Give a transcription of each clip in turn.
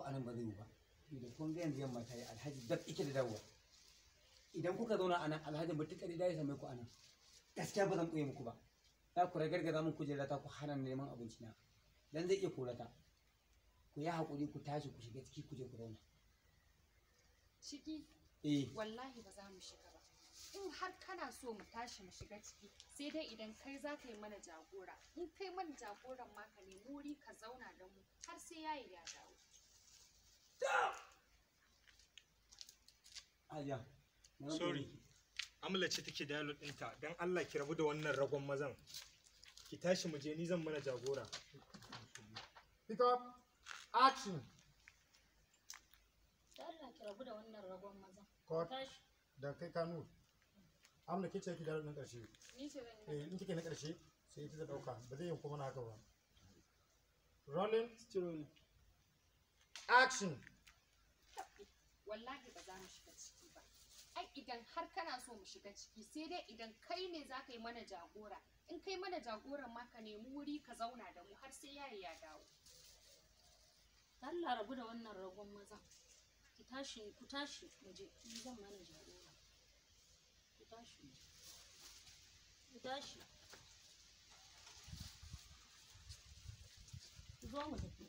ku anan ba zai yi ba da kun ga yanzu yamma ta yi alhaji dab ike da dawowa idan kuka zauna a nan alhaji mutukar da ya same ku a nan gaskiya ba zan ɓoye muku ba za ku ragargaza min kujera ta ku hana neman abinci na dan zai iya korata ku yi haƙuri ku tashi ku shiga ciki ku je ku zauna ciki eh wallahi ba za mu shiga ba in har kana so mu tashi mu shiga ciki sai dai idan kai za ka yi mana jagora in kai mana jagoran ma ka nemi wuri ka zauna da mu har sai yayi ya dawo hajiya sorry ɗinta don allah ki rabu da wannan ragon mazan ki tashi mu je ni zan mana jagora pick up action da kai kanu ke ce ki na eh, sai dauka ba zai yi kuma na haka ba rolling action wallahi ba za mu shiga ciki har kana so mu shiga ciki sai dai idan kai ne za ka yi mana jagora in kai mana jagoran ma ka nemi wuri ka zauna da mu har sai yayi ya dawo Allah rabu da wannan ragon maza ki tashi ku tashi mu je ni zan mana jagora ku tashi ku tashi ku zo mu tafi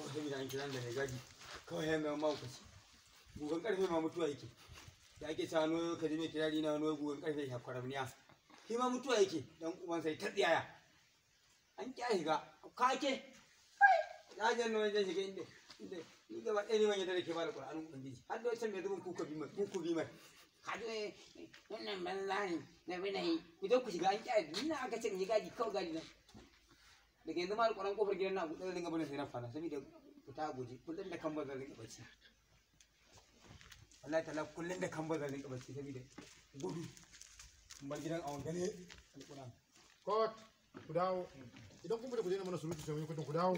Vamos a da en qué da el gallo. kawai ya zama mahaukaci gugan karfe ma mutuwa yake da ake ta hannu ka ji mai kirari na hannu gugan karfe ya kwaramniya shi ma mutuwa yake dan uban sai ta tsiyaya an kya shiga kake ya jan nan jan shiga inda inda ni gaba ɗaya ne wani da ke ba da ƙur'anin ubangiji har da wancan mai zubin kuka bi mai kuku bi mai wannan ban ne na binayi ku zo ku shiga an kya ni na aka ce ni gaji kawai gaji nan daga yanzu ma alƙwaran kofar gidan na buɗe zan gabanin sai na fana saboda fita a guje kullum da kan bazar zan bacci wallahi tala kullum da kan bazar zan bacci saboda gudu bar gidan a wangane alƙwaran kot ku dawo idan kun bude ku daina mana surutu sai mun kudin ku dawo